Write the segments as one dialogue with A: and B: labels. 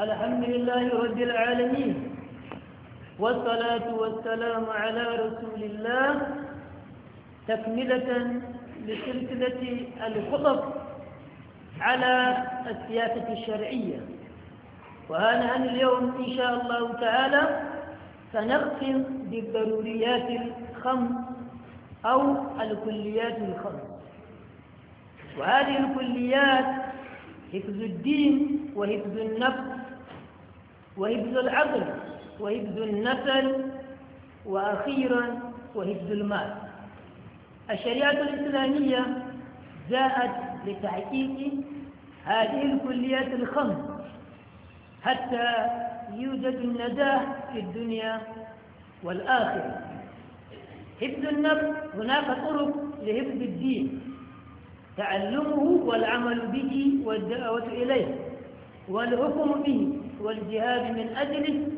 A: الحمد لله رب العالمين والصلاة والسلام على رسول الله تكملة لسلسلة الخطب على السياسة الشرعية وهذا اليوم إن شاء الله تعالى سنختم بالضروريات الخمس أو الكليات الخمس وهذه الكليات حفظ الدين وحفظ النفس وهبز العقل وهبز النسل وأخيرا وهبز المال الشريعة الإسلامية جاءت لتحقيق هذه الكليات الخمس حتى يوجد النجاح في الدنيا والآخرة حفظ النفس هناك طرق لحفظ الدين تعلمه والعمل به والدعوة إليه والحكم به والجهاد من أجله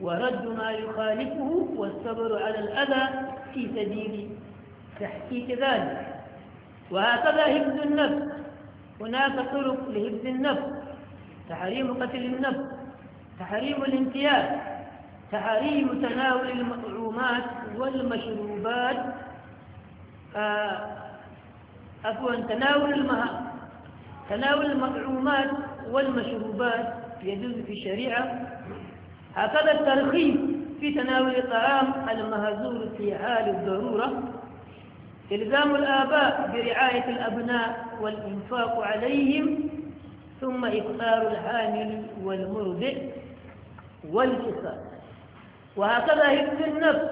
A: ورد ما يخالفه والصبر على الأذى في سبيل تحقيق ذلك وهكذا هبز النفس هناك طرق لهبز النفس تحريم قتل النفس تحريم الامتياز تحريم تناول المطعومات والمشروبات آه، عفوا تناول المها تناول المطعومات والمشروبات يجوز في الشريعة هكذا الترخيص في تناول الطعام المهزور في حال الضرورة إلزام الآباء برعاية الأبناء والإنفاق عليهم ثم إقصار الحامل والمرضع والكساد وهكذا هبز النفس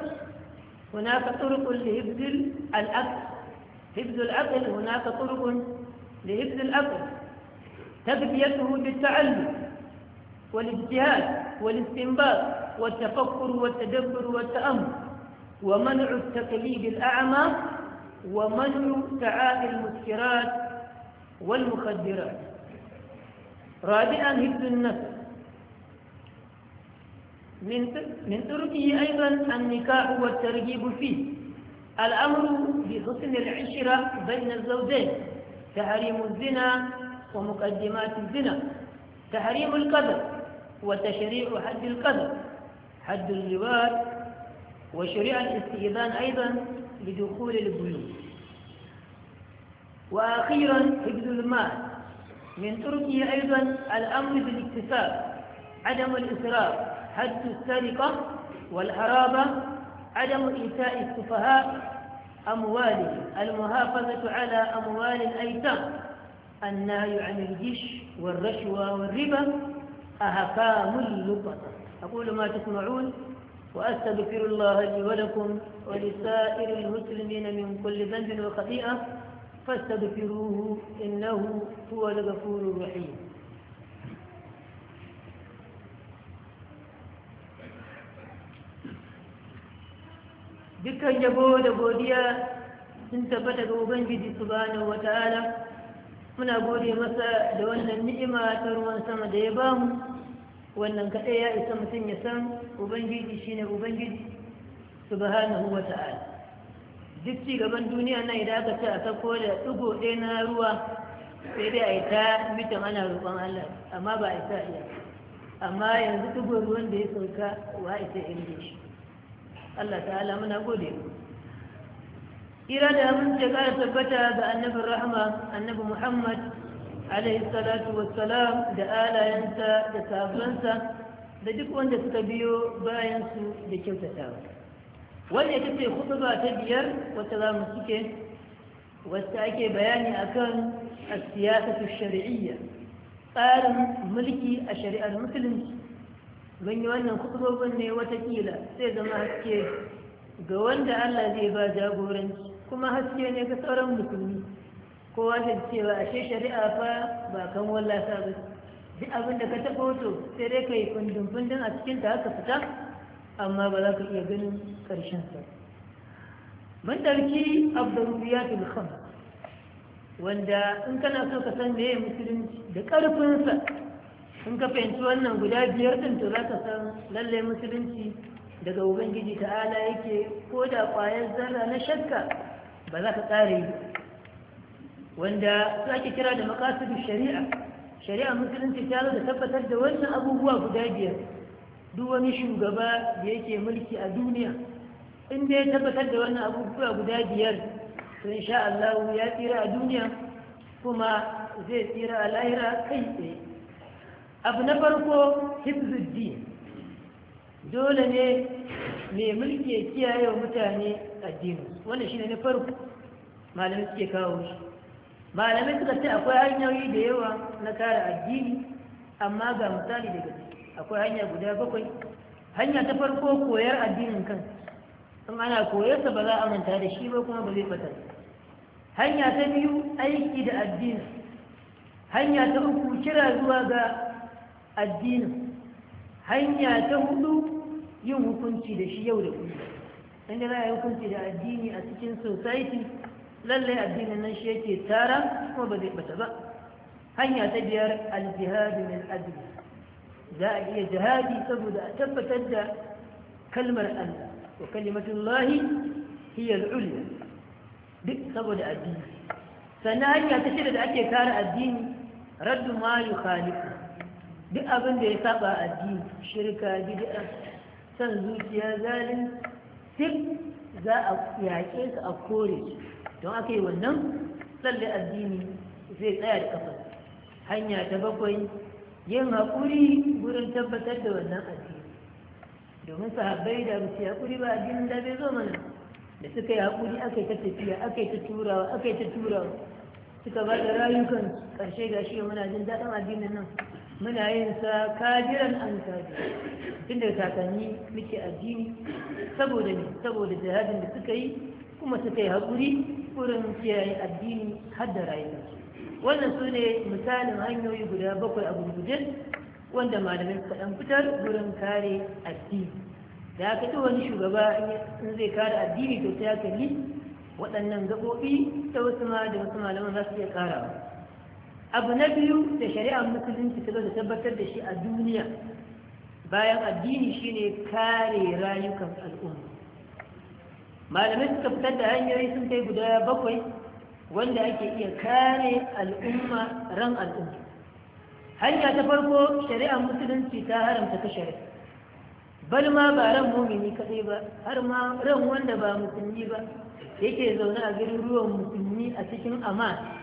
A: هناك طرق لهبز العقل هبز العقل هناك طرق لهبز العقل تغذيته بالتعلم والاجتهاد والاستنباط والتفكر والتدبر والتأمل ومنع التقليد الأعمى ومنع تعافي المسكرات والمخدرات رابعا هبد النفس من تركه أيضا النكاح والترغيب فيه الأمر بحسن العشرة بين الزوجين تحريم الزنا ومقدمات الزنا تحريم القدر وتشريع حد القدر حد الجوار وشريع الاستئذان أيضا لدخول البيوت وأخيرا حفظ المال من تركيا أيضا الأمر بالاكتساب عدم الإسراف حد السرقة والحرابة عدم إيتاء السفهاء أموالهم المحافظة على أموال الأيتام النهي عن الجش والرشوة والربا أهفام اللقطة أقول ما تسمعون وأستغفر الله لي ولكم ولسائر المسلمين من كل ذنب وخطيئة فاستغفروه إنه هو الغفور الرحيم dukkan جبود da godiya sun tabbata ga Ubangiji subhanahu wa ta'ala muna gode masa da wannan ni'ima ta ruwan sama da ya ba mu wannan kaɗai ya isa mutum ya san ubangiji shine ubangiji su ba hana wa ta'ala duk ci gaban duniya nan idan aka ce a sako da ɗigo ɗaya na ruwa sai dai a yi ta mitan ana roƙon Allah amma ba a isa iya amma yanzu ɗigo ruwan da ya sauka wa isa inda shi Allah ta'ala muna gode mu ira da amince tabbata ga annabin rahama annabi muhammad alaihi salatu wassalam da alayensa da sabansa da duk wanda suka biyo bayansu da kyautatawa wanda ta ce kutuba ta biyar wata za mu suke ake bayani akan siyasatu shari'iyya tsarin mulki a shari'ar musulunci ganyi wannan kutubobin ne watakila sai zama haske ga wanda allah zai ba jagoranci kuma haske ne ga sauran musulmi kowa da cewa ashe shari'a fa ba kan wallasa ba duk abin da ka taɓa wato sai dai ka yi kundin a cikin ta haka fita amma ba za ka iya ganin ƙarshen sa mun ɗauki abdurubiyatul kham wanda in kana so ka san meye musulunci da ƙarfinsa in ka fahimci wannan guda biyar ɗin to za ka san lallai musulunci daga ubangiji ta'ala yake ko da ƙwayar zarra na shakka ba za ka ƙara yi wanda za ki kira da makasudin shari'a shari'a musulunci ta zo da tabbatar da wannan abubuwa guda biyar duk wani shugaba da yake mulki a duniya in da ya tabbatar da wannan abubuwa guda biyar to sha Allah ya tsira a duniya kuma zai tsira a lahira kai tsaye abu na farko hibzuddin dole ne mai mulki ya kiyaye wa mutane addini wannan shine na farko malamai suke kawo shi malamai suka ce akwai hanyoyi da yawa na kare addini amma ga misali daga akwai hanya guda bakwai hanya ta farko koyar addinin kan in ana koyarsa ba za a manta da shi ba kuma ba zai fata hanya ta biyu aiki da addini hanya ta uku kira zuwa ga addinin hanya ta hudu yin hukunci da shi yau da kullum dan da za a yi hukunci da addini a cikin society lallai addinin nan shi yake tara kuma ba zai bata ba hanya ta biyar al-jihad min ajli za a iya jihadi saboda a tabbatar da kalmar Allah wa kalimatullahi hiya al-ulya duk saboda addini sannan hanya ta shida da ake kare addini raddu ma yukhalifu duk abin da ya saba addini shirka bid'a San zuciya zalin duk za a yaƙe su a kore don aka yi wannan tsalle addini zai tsaya da kafa hanya ta bakwai yin haƙuri wurin tabbatar da wannan addini domin sahabbai da ba su haƙuri ba addinin da bai zo mana da suka yi haƙuri aka yi ta tafiya aka yi ta turawa aka yi ta turawa suka ba da rayukan ƙarshe gashi muna jin daɗin addinin nan muna yin sa kajiran an kaji tun da kakanni muke addini saboda ne saboda jihadin da suka yi kuma suka yi haƙuri wurin kiyaye addini har da rayuwa wannan su ne misalin hanyoyi guda bakwai a gurguje wanda malamin suka ɗan fitar wurin kare addini da aka ci wani shugaba in zai kare addini to ta kalli waɗannan gaɓoɓi ta wasu ma da wasu malaman za su iya karawa abu na biyu da shari'ar musulunci ta da tabbatar da shi a duniya bayan addini shine kare rayukan al'umma malamai suka fitar da hanyoyi sun kai guda bakwai wanda ake iya kare al'umma ran al'umma hanya ta farko shari'ar musulunci ta haramta ta shari'a bal ma ba ran mumini kaɗai ba har ma ran wanda ba musulmi ba yake zaune a garuruwan musulmi a cikin amma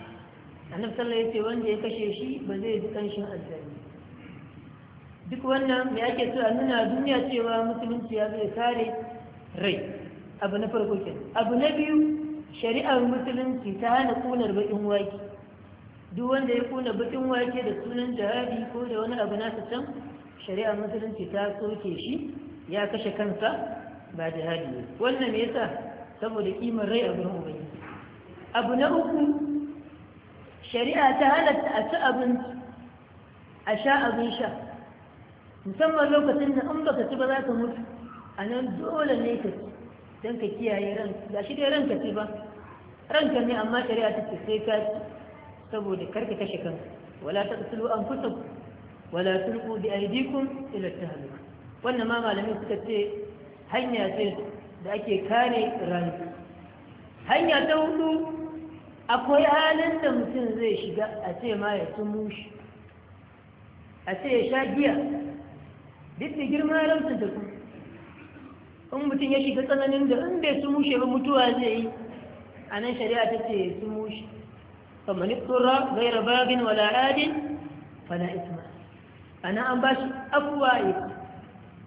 A: annabi sallallahu alaihi wanda ya kashe shi ba zai ji kanshin aljanna duk wannan me ake so a nuna duniya cewa musulunci ya zai kare rai abu na farko ke abu na biyu shari'ar musulunci ta hana kunar bakin wake duk wanda ya kuna bakin wake da sunan jihadi ko da wani abu nasa can shari'ar musulunci ta soke shi ya kashe kansa ba jihadi ne wannan me yasa saboda kimar rai a gurin ubangiji abu na uku shari'a ta halatta a ci abinci a sha abin sha musamman lokacin da an baka ci ba za ka mutu a nan dole ne ka ci don ka kiyaye ran ga shi dai ranka ci ba ranka ne amma shari'a ta ce sai ka ci saboda karka kashe kanka wala ta tsulu an kusa wala tulku bi aidikum ila tahluk wannan ma malamin suka ce hanya ce da ake kare rayuwa hanya ta hudu akwai halin da mutum zai shiga a ce ma ya tumu a ce ya sha giya duk da girma rautar da ku in mutum ya shiga tsananin da in bai tumu ba mutuwa zai yi a nan shari'a ta ce ya tumu kamar tsura gaira bagin wala adin fala isma a nan an ba shi afuwa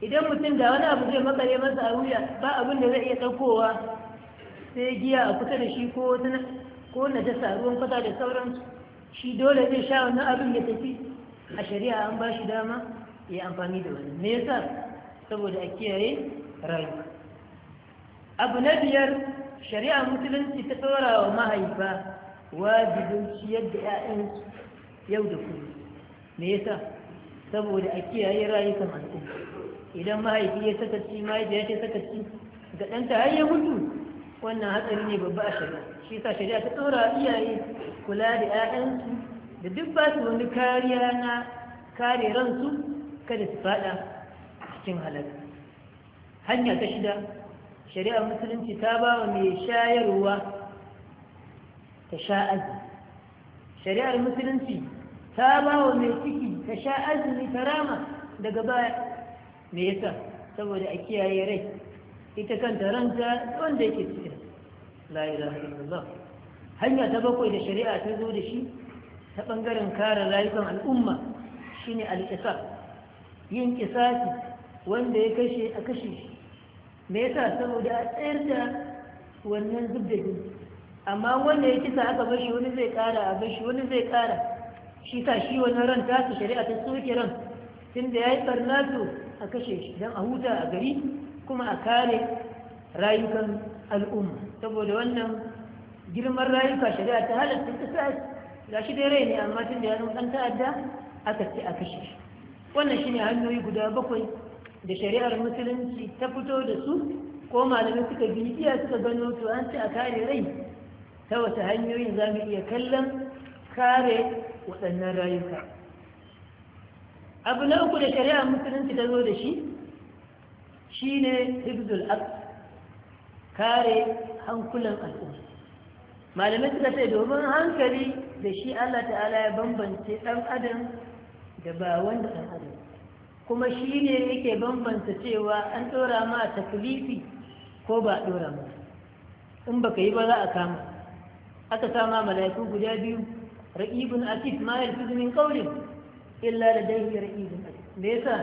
A: idan mutum da wani abu zai makare masa a wuya ba abin da zai iya ɗaukowa sai giya a kusa da shi ko wata ko na dasa ruwan kwata da sauransu shi dole zai sha wannan abin ya tafi a shari'a an ba shi dama ya amfani da wani me yasa saboda a kiyaye rayuwa abu na biyar shari'a musulunci ta tsora wa mahaifa wajibin ciyar da 'ya'yansu yau da kullum me yasa saboda a kiyaye rayukan masu idan mahaifi ya sakaci mahaifi ya ce sakaci ga ɗanta har ya mutu wannan hatsari ne babba a shari'a shi sa shari'a ta tsora iyaye kula da 'ya'yansu da duk ba su wani kariya na kare ransu kada su fada cikin halal hanya ta shida shari'ar musulunci ta ba wa mai shayarwa ta sha azumi shari'ar musulunci ta ba wa mai ciki ta sha azumi ta rama daga baya me yasa saboda a kiyaye rai ita kanta ranta wanda yake cikin la ilaha illallah hanya ta bakwai da shari'a ta zo da shi ta bangaren kare rayukan al'umma shine al-qisas yin qisasi wanda ya kashe a kashe shi me yasa saboda a tsayar da wannan zub da jini amma wanda ya kisa aka bashi wani zai kara a bashi wani zai kara shi ta shi wani ran ta su shari'a ta soke ran tunda ya yi barna to a kashe shi don a huta a gari kuma a kare rayukan al'umma saboda wannan girman rayuka shari'a ta halatta ta sa ga shi dai rai ne amma tun da ya zama ɗan ta'adda aka ce a kashe wannan shine hanyoyi guda bakwai da shari'ar musulunci ta fito da su ko malamai suka iya suka gano to an ce a kare rai ta wata hanyoyin za mu iya kallon kare waɗannan rayuka abu na uku da shari'ar musulunci ta zo da shi shine hibzul aqd kare hankulan al'umma malamai suka ce domin hankali da shi Allah ta'ala ya bambance ɗan adam da ba wanda ɗan adam kuma shi ne yake bambanta cewa an ɗora ma taklifi ko ba a ɗora ma in baka yi ba za a kama aka sama mala'iku guda biyu ra'ibun asif ma yalfizu min qawlin illa ladayhi ra'ibun asif me yasa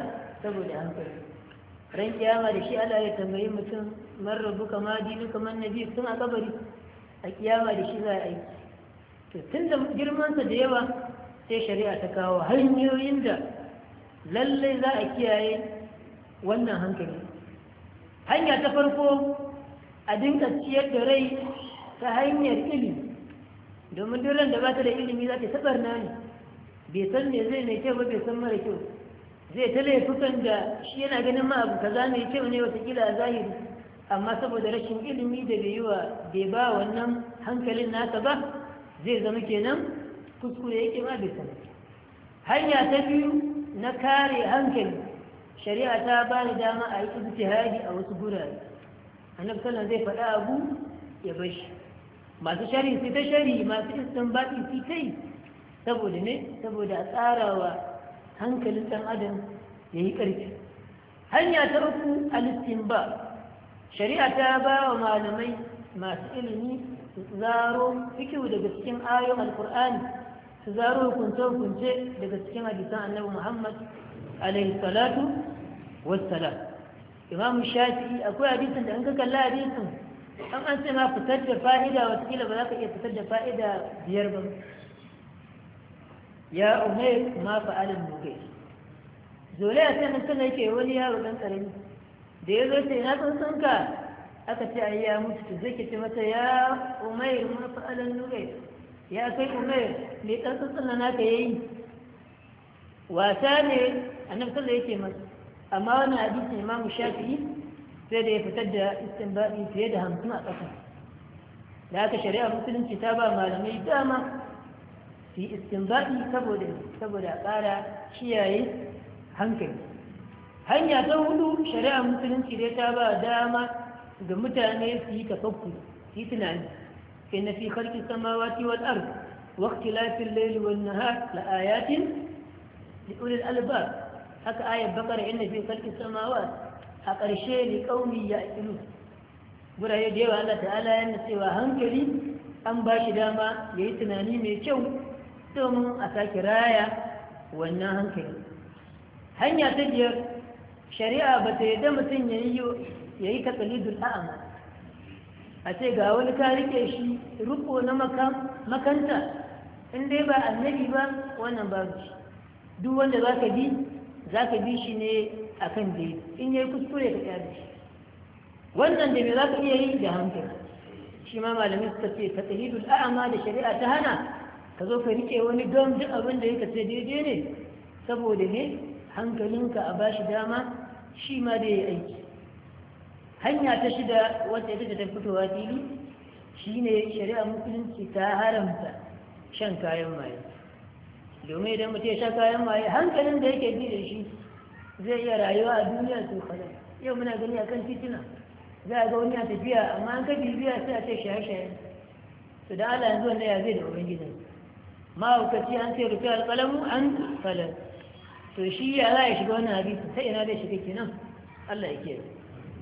A: saboda hankali ran kiyama da shi Allah ya tambayi mutum man rabbuka ma dinuka man nabi tun a kabari a kiyama da shi za a yi to tun da sa da yawa sai shari'a ta kawo hanyoyin da lallai za a kiyaye wannan hankali hanya ta farko a dinka ciyar da rai ta hanyar ilimi domin duran da ba ta da ilimi za ta taɓarna ne bai san me zai mai kyau ba bai san mara kyau zai ta laifukan da shi yana ganin ma abu kaza mai kyau ne watakila a zahiri amma saboda rashin ilimi da bai yi wa bai ba wannan hankalin nasa ba zai zama kenan kuskure yake ma bai sani hanya ta biyu na kare hankali shari'a ta ba ni dama a yi hadi a wasu gurare annabi sallallahu zai faɗa abu ya bar shi masu shari sai ta shari masu istinbati sai kai saboda ne saboda a tsarawa hankalin ɗan adam ya yi ƙarfi hanya ta uku ba shari'a ta ba wa malamai masu ilimi su zaro fikiyu daga cikin ayon alkur'ani su zaro hukunce-hukunce daga cikin hadisan annabi muhammad alaihi salatu wassalam imam shafi akwai hadisin da an ka kalla hadisin an an ce ma fitar da fa'ida wata ba za ka iya fitar da fa'ida biyar ba ya umai ma fa'alin mugai zole a sanin kana yake wani yaro dan ƙarami. da ya zo ce na tsantsan ka aka ce ai ya mutu to zai ce mata ya umair ma fa'alin mugai ya kai umair me dan tsantsan na naka yayi wasa ne annabi sallallahu yake masu, amma wannan ma mu Shafi, sai da ya fitar da istinbaɗi fiye da hamsin a ƙasa da aka shari'a musulunci ta ba malamai dama su yi istinbaɗi saboda saboda ƙara kiyaye hankali hanya ta hudu shari'a musulunci dai ta ba dama ga mutane su yi tafakku su yi tunani kai na fi karki samawati wal ard waqti lafil layl wan nahar la ayatin li ulil albab haka ayat bakara inna fi karki samawati a ƙarshe li qaumi yaqilu guraye da yawa Allah ta'ala yana cewa hankali an ba shi dama ya yi tunani mai kyau domin a sake raya wannan hankali hanya ta biyar shari'a ba ta yadda mutum ya yi katsalidun a'ama a ce ga wani ka rike shi riko na makanta in dai ba annabi ba wannan babu shi duk wanda za ka bi za ka bi shi ne a kan dai in yi kuskure ka kyara shi wannan da me za ka iya yi da hankali shi ma malamin suka ce katsalidun a'ama da shari'a ta hana ka zo ka rike wani don duk abin da yake ce daidai ne saboda ne hankalinka a bashi dama shi ma da ya aiki hanya ta shida wata ita ta fitowa fili ne shari'a musulunci ta haramta shan kayan maye domin idan mutum ya sha kayan maye hankalin da yake bi da shi zai iya rayuwa a duniya su kwada yau muna gani a kan titina za a ga wani a tafiya amma an ka bibiya sai a ce shaye-shaye su da ala yanzu wanda ya zai da gidan? mahaukaci an ce rufe alƙalamu an falar to shi ya za shiga wannan hadisi ta ina da shiga kenan Allah ya ke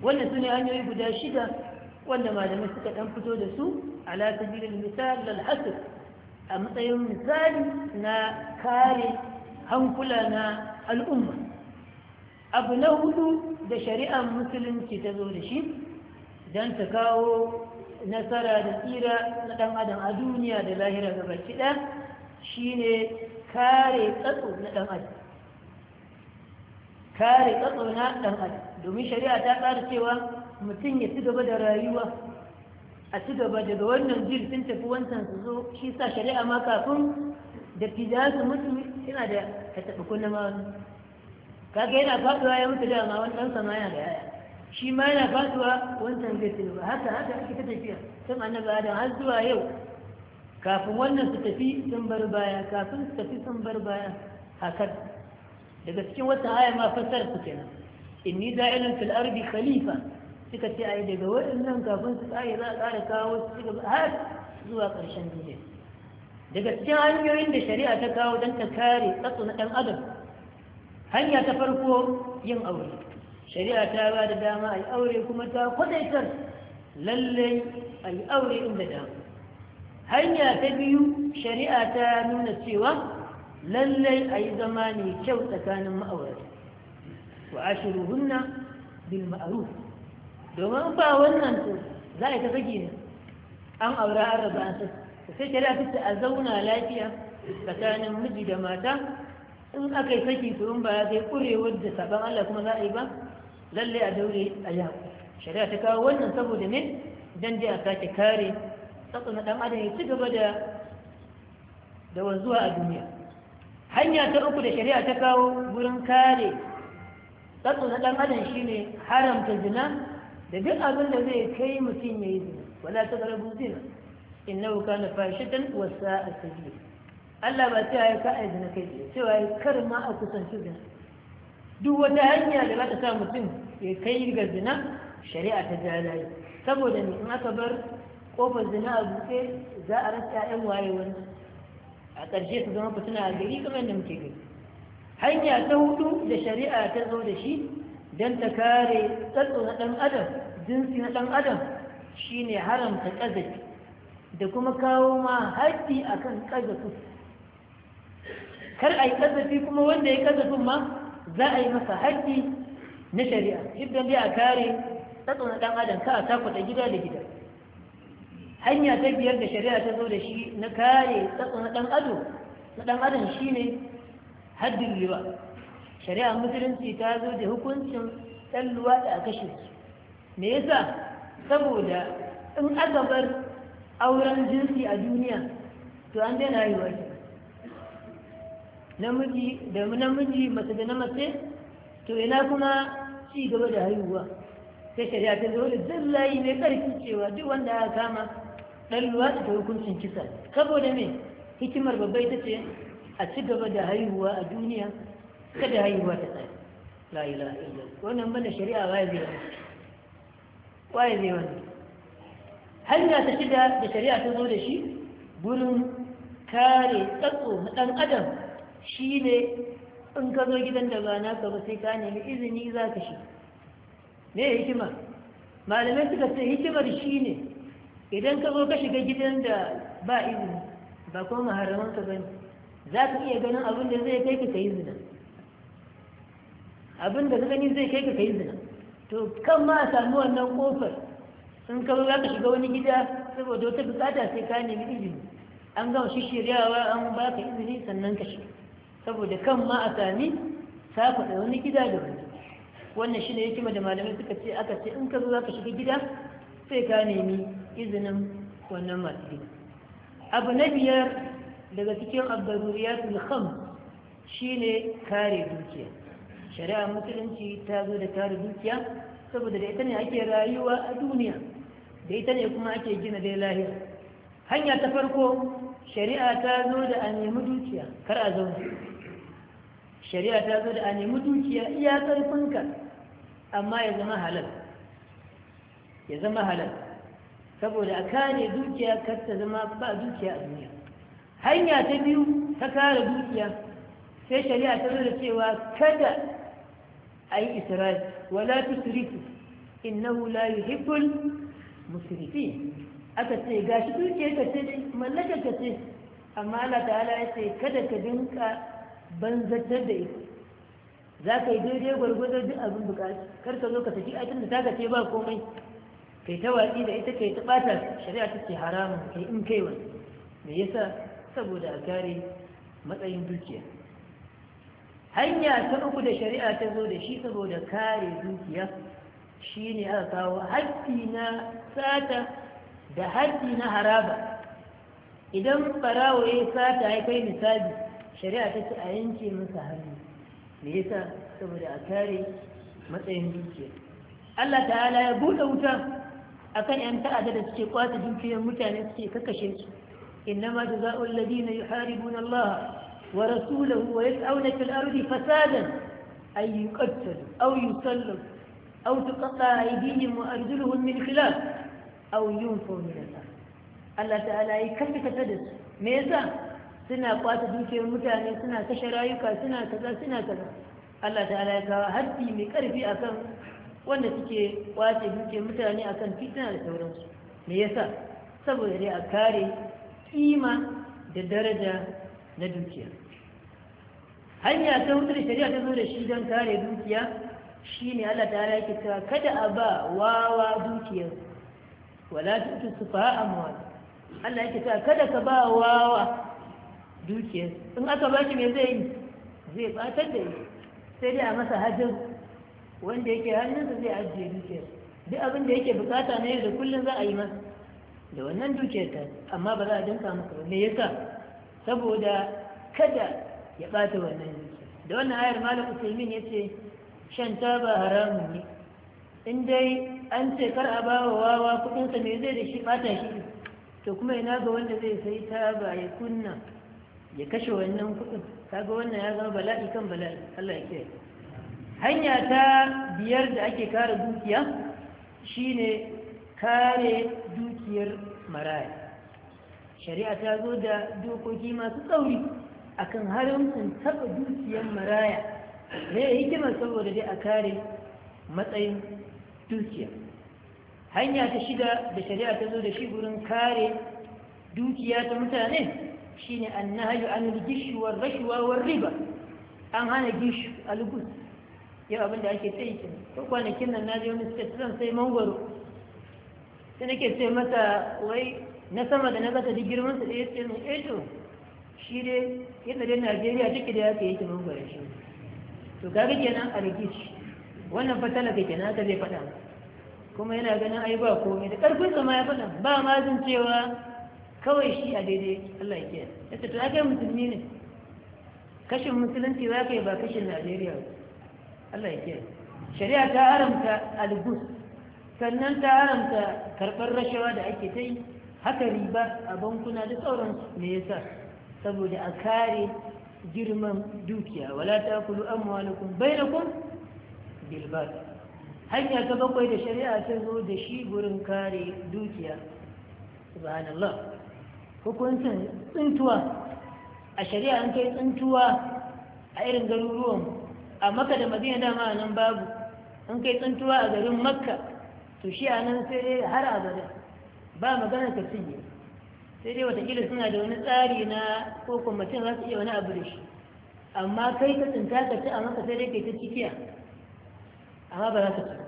A: wannan su ne hanyoyi guda shida wanda malamai suka ɗan fito da su ala sabilin misal lal hasr a matsayin misali na kare hankula na al'umma abu na hudu da shari'ar musulunci ta zo da shi don ta kawo nasara da tsira na ɗan adam a duniya da lahira gabaki ɗaya shine kare tsatso na dan adam kare tsatso na dan adam domin shari'a ta tsara cewa mutum ya ci gaba da rayuwa a ci gaba daga wannan jir sun tafi wancan su zo shi sa shari'a ma kafin da fida su yana da ka taɓa kuna ma wani kaga yana faɗuwa ya mutu dama wani ɗan sama yana da yaya shi ma yana faɗuwa wancan zai ci haka haka ake ta tafiya tun annabi adam har zuwa yau kafin wannan su tafi sun bar baya kafin su tafi sun bar baya hakan daga cikin wata aya ma fasar su kenan inni da'ilun fil ardi khalifa suka ce ai daga waɗannan kafin su tsaya za a ƙara kawo su gaba har zuwa ƙarshen duniya daga cikin hanyoyin da shari'a ta kawo don ta kare tsatsu na ɗan adam hanya ta farko yin aure shari'a ta ba da dama a yi aure kuma ta kwadaitar lallai a yi aure inda dama hanya ta biyu shari'a ta nuna cewa lallai a yi zama ne kyau tsakanin ma'aurata wa ashiru hunna bil ma'aru domin ba wannan to za a yi ta saki ne an aura an raba an saki sai shari'a ta a zauna lafiya tsakanin miji da mata in aka yi saki to in ba ya kai kurewar da saban Allah kuma za a yi ba lallai a daure a yi shari'a ta kawo wannan saboda ne dan dai a sake kare na ɗan adam ya ci gaba da da wanzuwa a duniya hanya ta uku da shari'a ta kawo wurin kare na ɗan adam shine haramta zina da duk abin da zai kai mutum ya yi zina wala ta zarabu zina innahu kana fashatan wa sa'a sabila Allah ba cewa ya ka na kai sai cewa kar ma a kusanci zina duk wata hanya da za ta sa mutum ya kai ga zina shari'a ta jalaye saboda ne in aka bar kofar zina a buɗe za a rasa 'ya'yan wayewar a ƙarshe su zama fitina a gari kamar da muke gari. hanya ta hudu da shari'a ta zo da shi don ta kare tsatso na ɗan adam jinsi na ɗan adam shine haramta ƙazafi da kuma kawo ma haɗi a kan ƙazafi kar a yi ƙazafi kuma wanda ya ƙazafin ma za a yi masa haɗi na shari'a idan bai a kare tsatso na ɗan adam ka a takwata gida da gida hanya ta biyar da shari'a ta zo da shi na kare tsatsa na ɗan ado. na ɗan adam shi ne haddin riba shari'a musulunci ta zo da hukuncin ɗan da a kashe me yasa saboda in aka bar auren jinsi a duniya to an daina yi wani namiji da namiji mace da na to ina kuma ci gaba da haihuwa sai shari'a ta zo da zallayi mai ƙarfi cewa duk wanda ya kama ɗalluwa su da hukuncin kisa saboda me hikimar babbai ta ce a ci gaba da haihuwa a duniya kada haihuwa ta tsaye layi layi wannan bane shari'a waye zai wani waye zai wani hanya ta shida da shari'a ta zo da shi gurin kare tsatso na ɗan adam shi ne in ka zo gidan da ba naka ba sai ka nemi izini za ka shi me hikima malamai suka ce hikimar shi ne idan ka zo ka shiga gidan da ba izini ba ko maharamanka ba ne za ka iya ganin abin da zai kai ka ka yi zina abin da gani zai kai ka ka yi zina to kan ma a samu wannan kofar in ka zo za ka shiga wani gida saboda wata bukata sai ka nemi izini an gama shishiryawa an ba ka izini sannan ka shiga saboda kan ma a sami faɗa wani gida da wani wannan shi ne ya da malamai suka ce aka ce in ka zo za ka shiga gida sai ka nemi izinin wannan masu abu na biyar daga cikin abdururiyatul kham shine kare dukiya shari'a musulunci ta zo da kare dukiya saboda da ita ne ake rayuwa a duniya da ita ne kuma ake gina dai lahira hanya ta farko shari'a ta zo da a nemi dukiya kar a zo shari'a ta zo da a nemi dukiya iya ƙarfinka amma ya zama halal ya zama halal saboda a kare dukiya kar ta zama ba dukiya a duniya hanya ta biyu ta kare dukiya sai shari'a ta zo da cewa kada a yi isra'il wala tusrifu innahu la yuhibbul musrifin aka ce gashi dukiya ka ce mallaka ka ce amma Allah ta'ala ya ce kada ka dinka banzatar da ita za ka yi daidai gwargwadon duk abin bukatu kar ka zo ka saki aikin da ta ka ce ba komai kai ta waƙi da ita kai ta ɓata shari'a ta ce haramun kai in kai wani me yasa saboda a kare matsayin dukiya hanya ta uku da shari'a ta zo da shi saboda kare dukiya shine aka kawo haƙƙi na sata da haƙƙi na haraba idan farawo ya sata ya kai misali shari'a ta ce a yanke masa hannu me yasa saboda a kare matsayin dukiya Allah ta'ala ya buɗe wuta akan yan ta'adda da suke kwata dukiyar mutane suke kakashe su innama jazaa'u alladhina yuharibuna Allah wa rasulahu wa yas'una fil ardi fasadan ay yuqtalu aw yusallabu aw tuqatta aydihim wa arjuluhum min khilaf aw yunfaw min al-ard Allah ta'ala ya kaskata da su me yasa suna kwata dukiyar mutane suna kashe rayuka suna kaza suna kaza Allah ta'ala ya kawo haddi mai karfi akan wanda suke kwace duke mutane akan fitina da sauransu me yasa saboda dai a kare kima da daraja na dukiya hanya ta hutu da shari'a ta zo da shi don kare dukiya shine Allah ta yake cewa kada a ba wawa dukiyar wala tutu a mawa? Allah yake cewa kada ka ba wawa dukiyar in aka ba shi me zai yi zai batar da shi sai dai a masa hajjin wanda yake hannunsa zai ajiye dukiyar duk abin da yake bukata na yau da kullum za a yi masa da wannan dukiyar ta amma ba za a dinka masa ba me yasa saboda kada ya bata wannan dukiyar da wannan ayar malam ya ce shan taba haramun ne in dai an ce kar a ba wa wawa kuɗinsa me zai da shi bata shi to kuma ina ga wanda zai sai taba ya kunna ya kashe wannan kudin kaga wannan ya zama bala'i kan bala'i Allah ya kiyaye hanya ta biyar da ake kare dukiya shine kare dukiyar maraya shari'a ta zo da dokoki masu tsauri akan haramcin taɓa dukiyar maraya ne kima saboda dai a kare matsayin dukiya hanya ta shida da shari'a ta zo da shi gurin kare dukiya ta mutane shine annahayu an gishuwar rashuwa riba an hana gishu algus yau abin da ake ta yi kenan ko kwanakin nan na je wani state zan sai mangwaro sai nake ce mata wai na sama da na zata ji girman su ɗaya ce mun eto eh shi dai yadda dai najeriya take da ya ke yake mangwaro shi to kaga kenan a rikici wannan fatala ke kenan haka zai faɗa kuma yana ganin ai ba komai da ƙarfin sama ya faɗa ba ma zan cewa kawai shi a daidai Allah ya kiyaye yadda to aka musulmi ne kashin musulunci ba kai ba kashin Najeriya ba Allah ya shari'a ta haramta albus sannan ta haramta karɓar rashawa da ake ta yi haka riba a bankuna da sauran me yasa saboda a kare girman dukiya wala ta kulu amwalakum bainakum bil batil hanya ta bakwai da shari'a ta zo da shi gurin kare dukiya subhanallah hukuncin tsintuwa a shari'a an kai tsintuwa a irin garuruwan a maka da madina dama a nan babu in kai tsuntuwa a garin makka to shi a nan sai dai har abada ba magana ka cinye sai dai watakila suna da wani tsari na ko kwamitin za su iya wani abu da shi amma kai ka tsinta ka ci a maka sai dai kai ta cikiya amma ba za ka ci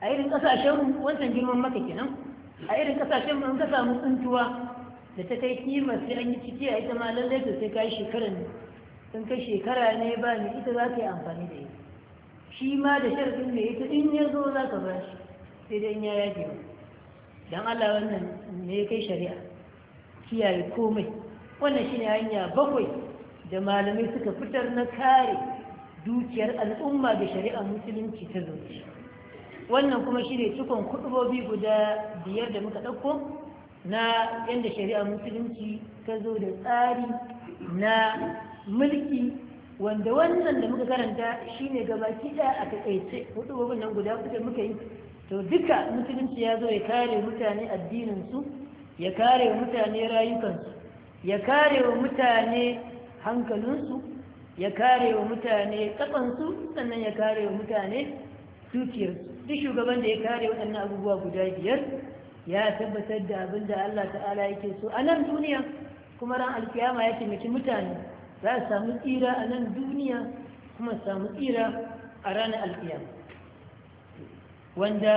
A: a irin kasashen wancan girman maka kenan a irin kasashen mun ka samu tsuntuwa da ta kai kimar sai an yi cikiya ita ma lallai to sai ka yi shekaran sun kai shekara ne ba ne ita za ta yi amfani da ita shi ma da sharfin mai ita in ya zo za ka ba shi sai dai in ya yage ba don allah wannan ne ya kai shari'a kiyaye komai wannan shi ne hanya bakwai da malamai suka fitar na kare dukiyar al'umma da shari'ar musulunci ta zoci wannan kuma shi ne cikon kudubobi guda biyar da muka ɗauko na yadda shari'ar musulunci ta zo da tsari na mulki wanda wannan da muka karanta shi ne gaba kiɗa a takaice hudu gobe nan guda kuka muka yi to duka musulunci ya zo ya kare mutane addininsu ya kare wa mutane rayukansu ya kare wa mutane hankalinsu ya kare wa mutane kafansu sannan ya kare wa mutane dukiyarsu duk shugaban da ya kare waɗannan abubuwa guda biyar ya tabbatar da abin da Allah ta'ala yake so a nan duniya kuma ran alkiyama ya taimaki mutane za samu tsira a nan duniya kuma samu tsira a ranar alkiyama wanda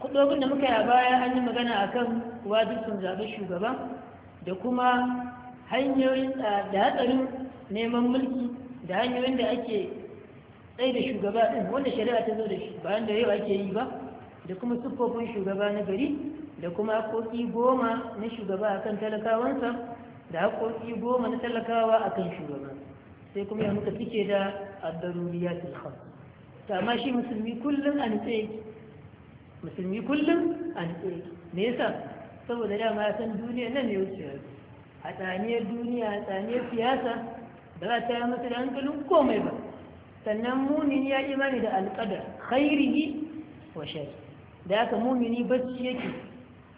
A: kudobin da muka yi a baya an yi magana a kan wajibcin zaɓe shugaba da kuma hanyoyin da hatsarin neman mulki da hanyoyin da ake tsaye da shugaba ɗin wanda shari'a ta zo da shi bayan da yau ake yi ba da kuma siffofin shugaba na gari da kuma haƙoƙi goma na shugaba akan talakawansa da haƙoƙi goma na talakawa a kan shugaba sai kuma ya muka fice da addaruriya tilham ta amma shi musulmi kullum a nitse musulmi kullum a nitse me yasa saboda dama ya san duniya nan ne wuce a tsaniyar duniya a tsaniyar siyasa ba za ta yi masa da hankalin komai ba sannan mumin ya imani da alƙadar khairihi wa shari da haka mumini bacci yake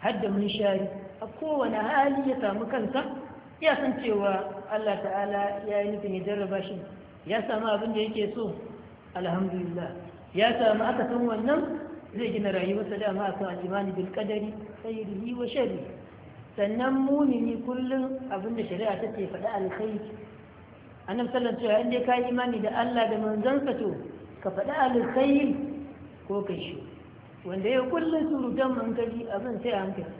A: hadda mun shari a kowane hali ya samu kansa ya san cewa Allah ta'ala ya yi nufin ya jarraba shi ya samu abin da yake so alhamdulillah ya samu aka san wannan zai gina rayuwarsa dama a kan imani bil qadari yi wa shari sannan mumini kullum abin da shari'a ce faɗa alkhairi annabi sallan cewa inda ya ka yi imani da Allah da manzansa to ka faɗi alkhairi ko kai shi wanda ya kullum surutan mankaji abin sai hankali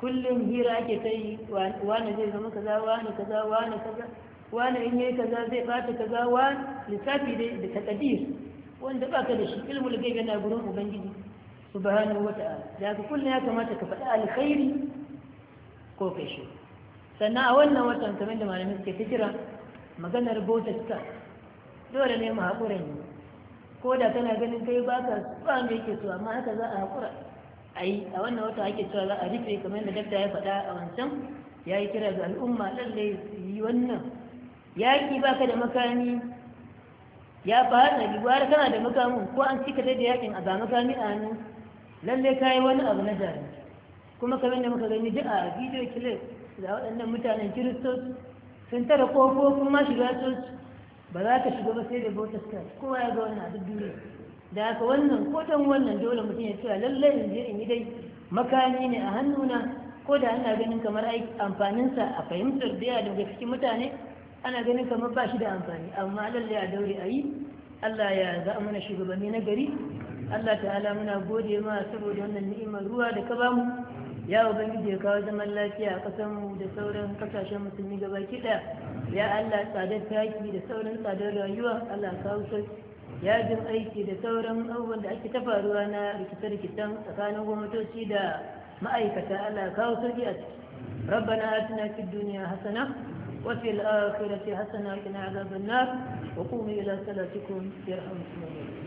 A: kullum hira ake ta yi wane zai zama kaza wane kaza wane kaza wane in yi kaza zai bata kaza wane lissafi dai da takadir wanda baka da shi ilmul gaibi na gurin ubangiji subhanahu ta'ala da ka kullum ya kamata ka faɗi alkhairi ko ka shi sannan a wannan watan kamar da malamin suke ta kira maganar bautar dole ne mu haƙura ne ko da kana ganin kai baka ba mai ke so amma haka za a haƙura a a wannan wata ake cewa za a rufe kamar yadda dakta ya faɗa a wancan ya yi kira ga al'umma lallai yi wannan yaƙi ba ka da makami ya fi hatsari gwara kana da makamin ko an cika da yaƙin a ga makami a hannu lallai ka yi wani abu na jari kuma kamar da muka gani duk a bidiyo clip da waɗannan mutanen kiristos sun tara kofofin mashiga coci ba za ka shiga ba sai da bautar ka kowa ya ga wannan a duk duniya da haka wannan ko wannan dole mutum ya cewa lallai in je in yi dai makami ne a hannuna ko da ana ganin kamar amfaninsa a fahimtar biya daga cikin mutane ana ganin kamar ba shi da amfani amma lallai a daure a yi Allah ya za mana shugabanni na gari Allah ta'ala muna gode ma saboda wannan ni'imar ruwa da ka bamu ya ubangiji ya kawo zaman lafiya a kasanmu da sauran kasashen musulmi gabaki ɗaya ya Allah tsadar taki da sauran tsadar rayuwa Allah kawo sauki ya jin aiki da sauran abubuwan da ake ta faruwa na rikice-rikicen tsakanin gwamnatoci da ma'aikata Allah kawo sauki a ciki ربنا آتنا في الدنيا حسنة وفي الآخرة حسنة وقنا عذاب النار وقوموا إلى صلاتكم يرحمكم الله